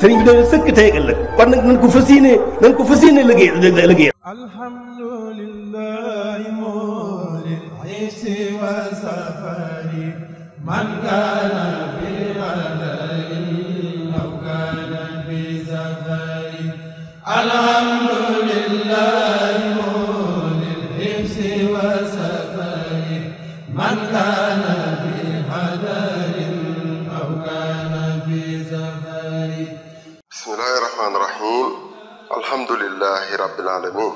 sëriñ bi daal sëkk tey ëllëg kon nag nañ ko fas yéene nañ ko fas yéene liggéey liggéey alhamdulillahi mawlid aysi wa safari man kaana fi adari aw kaana fi safari alhamdulillahi mawlid aysi wa safari man kaana rabbil alamin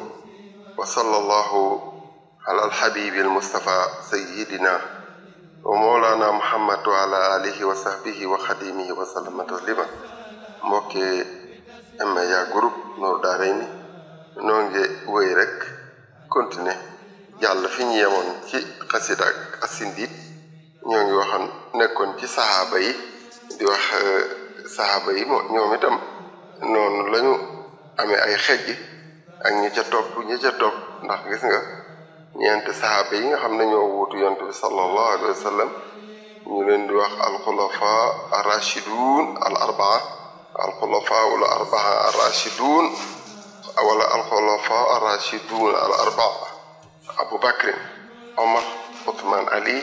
wa sallallahu ala alhabibi almustafa sayidina wa mawlana muhammad wa ala alihi wa sahbihi wa xadimihi wa sallama taslima mbokke M-Media Group Nour Daarayni noo ngi wéy rek continuer jàll fi ñu yemoon ci xasida ak asindiit ñoo ngi waxoon nekkoon ci saxaaba yi di wax eh, saxaaba ñoom itam noonu lañu amee ay xejj ak ñi ca topp ñi ca topp ndax gis nga ñeenti saxaaba yi nga xam ne ñoo wuutu yont bi sallallahu alayhi wa sallam leen di wax alxulafa arrachidun al arbaa alxulafa wala arbaa arrachidun abu bakrin omar othman ali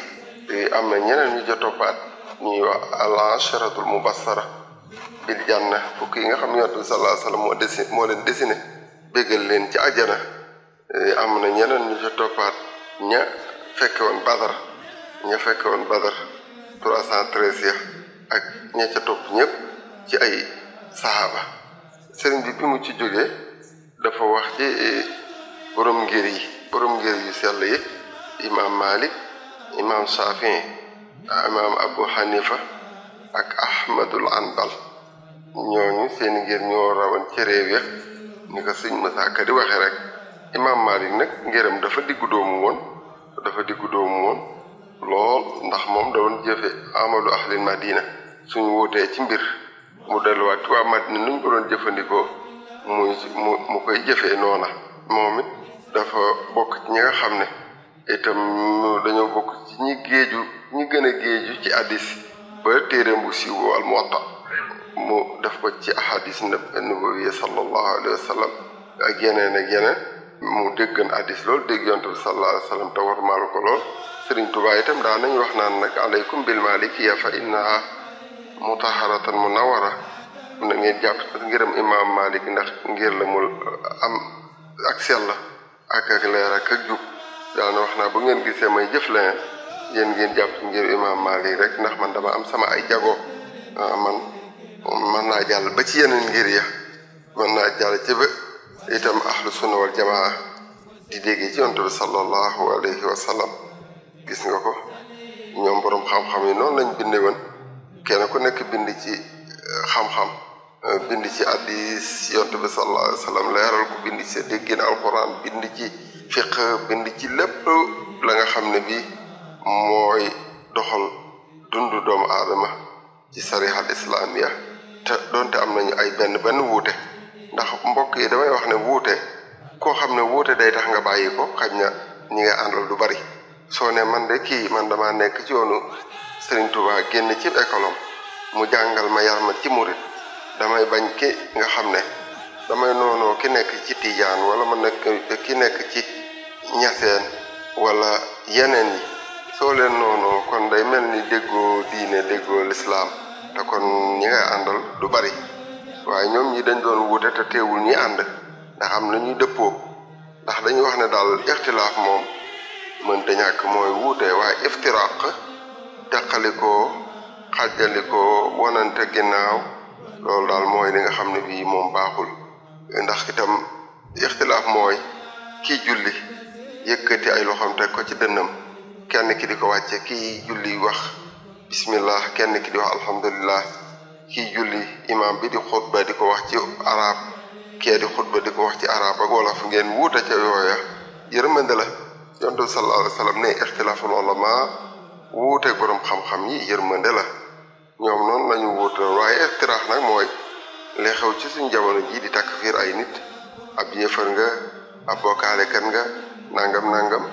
te am na ñeneen ñu ca toppaat ñuy wax al asharatul mubassara bil janna fukk yi nga xam ne yont bi sallallahu alayhi moo desi moo leen dessiné bégal leen ci ajana eh, am na ñeneen ñu ca toppaat ña fekke woon badar ña fekke woon badar trois cent treize ya ak ña topp ñëpp ci ay saxaaba sëriñ bi bi mu ci jógee dafa wax ci eh, borom ngir yi borom ngir yu sell yi imaam malik imaam shafii imaam abu ngir ñoo ci réew ya ni ko sëñ ma Ka di waxee rek imaam Malik nag ngërëm dafa diggu doomu woon dafa diggu doomu woon lool ndax moom da doon jëfe amalu ahlil madina suñu wootee ci mbir mu delluwaat ci waa madina nuñ ko jëfandikoo mu mu koy jëfee noona moom it dafa bokk ci ñi nga xam ne itam dañoo bokk ci ñi géeju ñi gën a géeju ci addis ba téereem bu siiw al Muwatta mu def ko ci ahadis nabawiya sallallahu alayhi wa sallam ak yeneen ak yeneen mu déggan addis lool dégg yonte bi sallallahu alayhi te war maalu ko lool sëriñ tubaa itam daa nañ wax naan nag aleykum bil malikiya fa innaha mutaharatan munawara na ngeen jàpp ngiram imaam malik ndax ngir la mu am ak sell la ak ak leer ak ak wax naa bu ngeen gisee may jëf leneen yéen ngeen jàpp ngir imaam malik rek ndax man dama am sama ay jago ah, man naa ba ci yeneen ngir ya naa jàll ci ba itam ahlu sunna wal jamaa di déggee ci yonent bi sallallahu alayhi wa gis nga ko ñoom boroom xam-xam yi noonu lañ binde woon kenn ku nekk bind ci eh, xam-xam eh, bind ci addis yonent bi sallallahu alayhi wa sallam leeral bindi bind ci sa déggin alquran bind ci fiq bind ci lépp la nga xam ne bi mooy doxal dundu doomu aadama ci sarihat islamiya te doonte am nañu ay benn benn wuute ndax mbokk yi damay wax ne wuute koo xam ne wuute day tax nga bàyyi ko xaj na ñi nga àndal du bari soo ne man de kii man dama nekk ci yoonu Serigne Touba génn ci école mu jàngal ma yar ma ci murit damay bañ ki nga xam ne damay noonoo ki nekk ci Tijaan wala ma nekk ki nekk ci ñaseen wala yeneen yi soo leen noonoo kon day mel ni déggoo diine déggoo lislaam te kon ñi ngay àndal du bari waaye ñoom ñi dañ doon wuute te teewul ñi ànd ndax am na ñuy dëppoo ndax dañuy wax ne daal ixtilaaf moom mënta ñàkk mooy wuute waaye iftiraq teqalikoo xàjjalikoo wonante ginnaaw loolu daal mooy li nga xam ne bii moom baaxul ndax itam ixtilaaf mooy kii julli yëkkati ay loxoom teg ko ci dënnam kenn ki di ko wàcce kii julli wax bismillah kenn ki di wax alhamdulillah kiy julli imaam bi di xutba di ko wax ci arab kee di xutba ko wax ci arab ak wolof ngeen wuute ca yooya yërmande la yonent bi sallallahu alayhi wa sallam ne xam-xam yi yërmande la ñoom noonu lañu ñu wuute waaye ixtiraax nag mooy li xew ci suñ jamono ji di takk takfiir ay nit ab yéefar nga ab bokkaalekat nga nangam nangam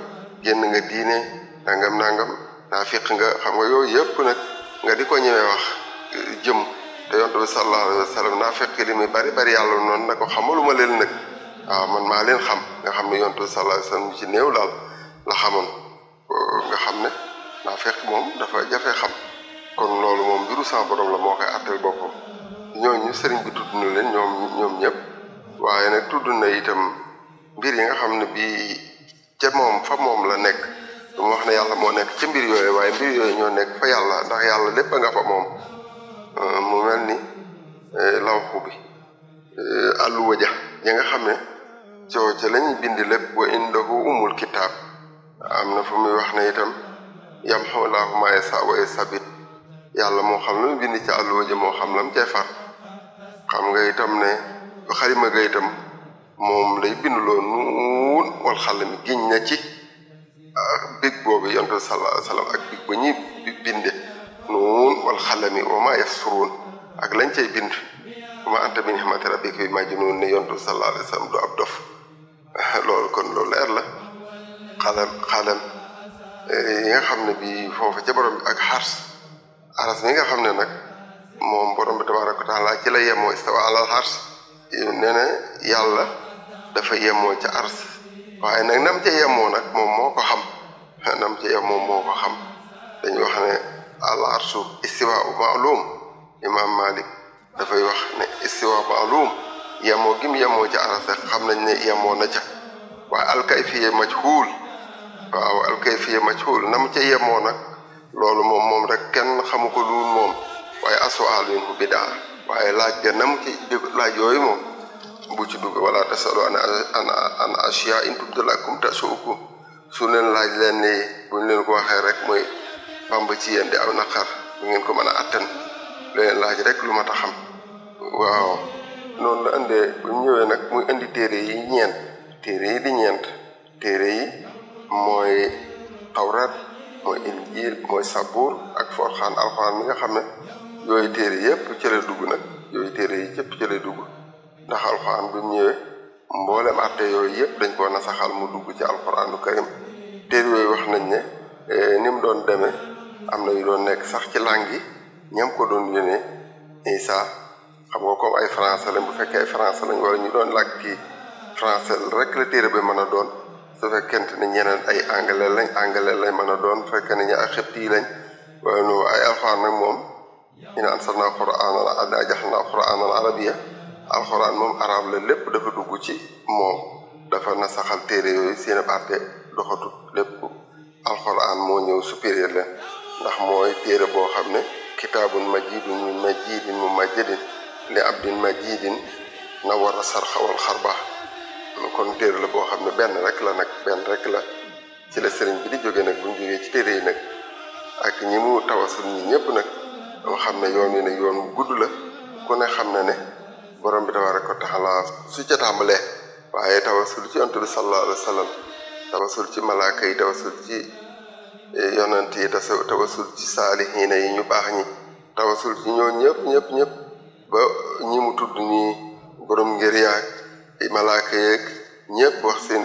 génn nga diine nangam nangam naa fiq nga xam nga yooyu yëpp nag nga di ko ñemee wax jëm te yonte bi sallallahu alayhi wa sallam naa fiq li muy bari bari yàlla noonu na ko xamaluma leen nag waaw man maa leen xam nga xam ne yonte bi sallallahu alayhi wa ci néew daal la xamoon nga xam ne naa fekk moom dafa jafe xam kon loolu moom mbiru sa la moo koy àttal boppam ñooñu sëriñ bi tudd na leen ñoom ñoom ñëpp waaye nag tudd na itam mbir yi nga xam ne bii ca moom fa moom la nekk dama wax na yàlla moo nekk ci mbir yooyu waaye mbir yooyu ñoo nekk fa yàlla ndax yàlla lépp a nga fa moom euh, mu mel ni euh, lawxu bi euh, àlluwa ja ya nga xam ne coo ca lañuy bind lépp wa indahu umul kitaab am na fu muy wax ne itam yamxu laahu maa yasaa wa yusabit yàlla moo xam lu mu bind ci àlluwa ja moo xam lam cay far xam nga itam ne xarima ga itam moom lay bind loo nuun wal giñ na ci ak big boobu yonent bi sallallahu alayhi ak big ba ñuy binde nuun wal xalami wa ma yasturun ak lañ cay bind ma anta bi ni'mati rabbika bi majnun ne yonent bi sallallahu alayhi du ab dof kon loolu leer la xalam xalam eh, yi nga xam ne bi foofa ca borom bi ak xars aras mi nga xam ne nag moom borom bi la yemoo istawa alal xars eh, nee yàlla dafa yemoo ca ars waaye nag nam ca yemoo nag moom moo ko xam nam ca yemoo moom moo ko xam dañuy wax ne al istiwa u imam malik dafay wax ne istiwa maalum yemoo gim yemoo ca arasa xam nañ ne yemoo na ca waaye alkayfiye majhul waaw alkayfiye majhul nam ca yemoo nag loolu moom moom rek kenn xamu ko luul moom waaye aswaal minhu bidaa waaye laaj ga nam ci laaj yooyu moom bu ci dugg wala tasalu an an an asiya in tubda lakum tasukum su leen laaj leen ni buñ leen ko waxee rek mooy bamb ci yéen di aw naqar bu ngeen ko mën a attan leen laaj rek lu mata xam waaw noonu la indee bu ñëwee nag muy indi téere yi ñeent téere yi di ñeent téere yi mooy tawraat mooy injiil mooy sabuur ak forxaan alxuraan mi nga xam ne yooyu téere yépp ci la dugg nag yooyu téere yi yépp ci la dugg ndax alxuraan bi mu ñëwee mboolem atte yooyu yëpp dañ koo nasaxal mu dugg ci alxuraanu karim téere yooyu wax nañ ne eh, ni mu doon deme am na yu doon nekk sax ci langue yi ñam ko doon yónnee Isa xam nga comme ay français lañ bu fekkee ay français lañ wala ñu doon làkk kii france rek la téere bi mën a doon su fekkente ne ñeneen ay anglais lañ anglais lañ mën a doon bu fekkee ne ñu ay xept yi lañ wala ay alxuraan nag moom ñu ne am sax naa quraanan jax naa quraanan arabiya alxuraan moom arab la lépp dafa dugg ci moom dafa nasaxal téere yooyu seen ab àtte doxatut lépp alxuraan moo ñëw supérieur leen ndax mooy téere boo xam ne kitaabun majidun min majidin mu majidin li abdin majidin na war a sarxawal xarba kon téere la boo xam ne benn rek la nag benn rek la ci la sëriñ bi di jóge nag bu ñu ci téere yi nag ak ñi mu tawasul ñi ñëpp nag o xam ne yoon wi ne yoon gudd la ku ne xam ne ne borom bi tabaraka wa taala su ca tàmbalee waaye tawasul ci yonent bi sallallahu alayhi wa sallam tawasul ci malaaka yi tawasul ci e, yonent se tawasul ci saalihiina yi ñu baax ñi tawasul ci ñoo ñëpp ñëpp ñëpp ba ñi mu tudd nii borom ngir yaag malaaka yeeg ñëpp wax seen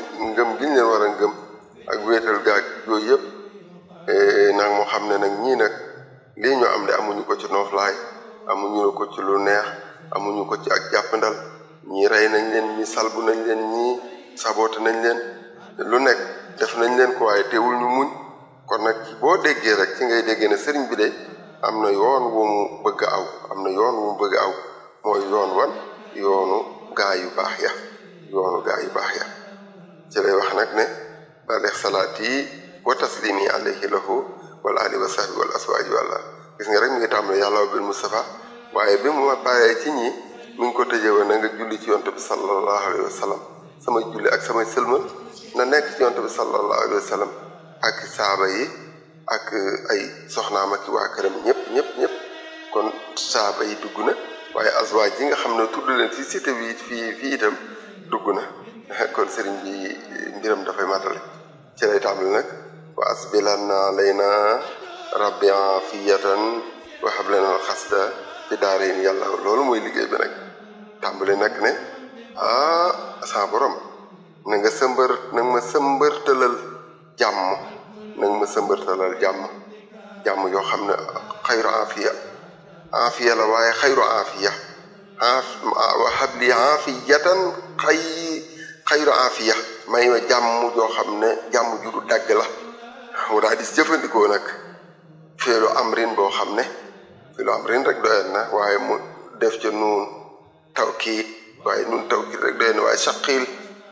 mu bëgg aw am na yoon wu mu bëgg aw mooy yoon wan yoonu gaa yu baax ya yoonu gaa yu baax ya ci lay wax nag ne baleex salaat yi wa taslimi alayhi lahu wal ali wa sahbi wal aswaaj wala gis rek mi ngi tàmbale yàlla wa bil waaye bi mu ma bàyyee ci ñi mi ngi ko tëjee woon na nga julli ci yonte bi sallallahu alayhi wa sallam sama julli ak sama sëlmal na nekk ci yonte bi sallallahu alayhi wa sallam ak saaba yi ak ay soxnaam ak waa këram ñëpp ñëpp kon saaba yi dugg na waaye azwaaj yi nga xam ne tudd si ci cité bi fii fii itam dugg na kon sëriñ bi mbiram dafay matale ci lay tàmbali nag wa asbilan na lay na rabbian fiyatan wa hablanal xasda fi daarayn yàlla loolu mooy liggéey bi nag tàmbali nag ne ah sa borom na nga sëmbër na nga ma sëmbërtalal jàmm na nga ma sëmbërtalal jàmm jàmm yoo xam ne xayru afiya aafiya la waaye xayru aafiya wa habli aafiyatan xay xayru aafiya may ma jàmm joo xam ne jàmm ju du dagg la mu daal di jëfandikoo nag feelu amrin boo xam ne feelu amrin rek doyen waaye mu def ca nuun tawkiit waaye nuun tawkiit rek doyen na waaye saqiil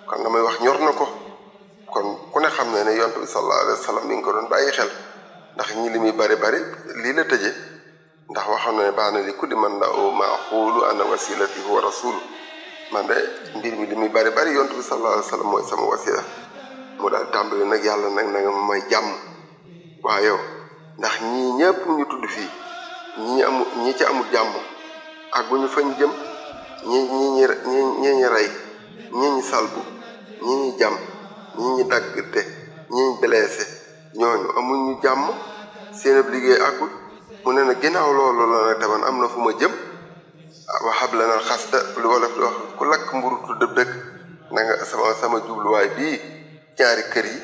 kon la may wax ñor na ko kon ku ne xam ne ne yonent bi sallallahu alayhi wa sallam mi ngi ko doon bàyyi xel ndax ñi li muy bari bari lii la tëje ndax waxoon na ne baax na li ku di man la o maa xuulu ana wasilati a rasulu man de mbir mi li muy bari bari yontu bi sallallahu alayhi mooy sama wasila mu daal tàmbali nag yàlla nag na mooy jàmm waa yow ndax ñi ñëpp ñu tudd fii ñi amu ñi ci amul jàmm ak bu ñu fañ jëm ñi ñi ñi ñi ñi rey ñi ñi salbu ñi ñi jàmm ñi ñi daggte ñi ñi blessé ñooñu amuñu jàmm seen liggéey aku mu ne nag ginnaaw loolu la nag taman am na fu ma jëm waxab la nal xasta lu wolof di wax ku lakk mburu tudd dëkk na sama sama jubluwaay bii ñaari kër yi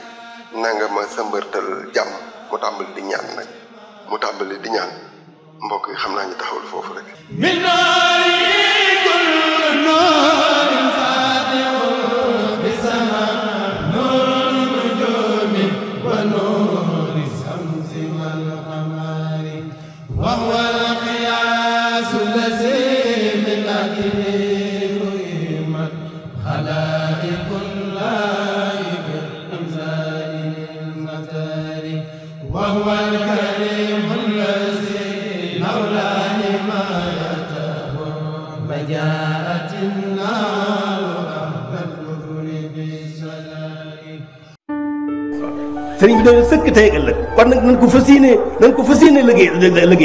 nanga nga ma sambërtal jàmm mu tàmbali di ñaan nag mu tàmbali di ñaan mbokk yi xam naa ñu taxawul foofu rek doy sëkk tey ak ëllëg kon nag nañ ko fas yéene nañ ko fas yéene liggéey liggéey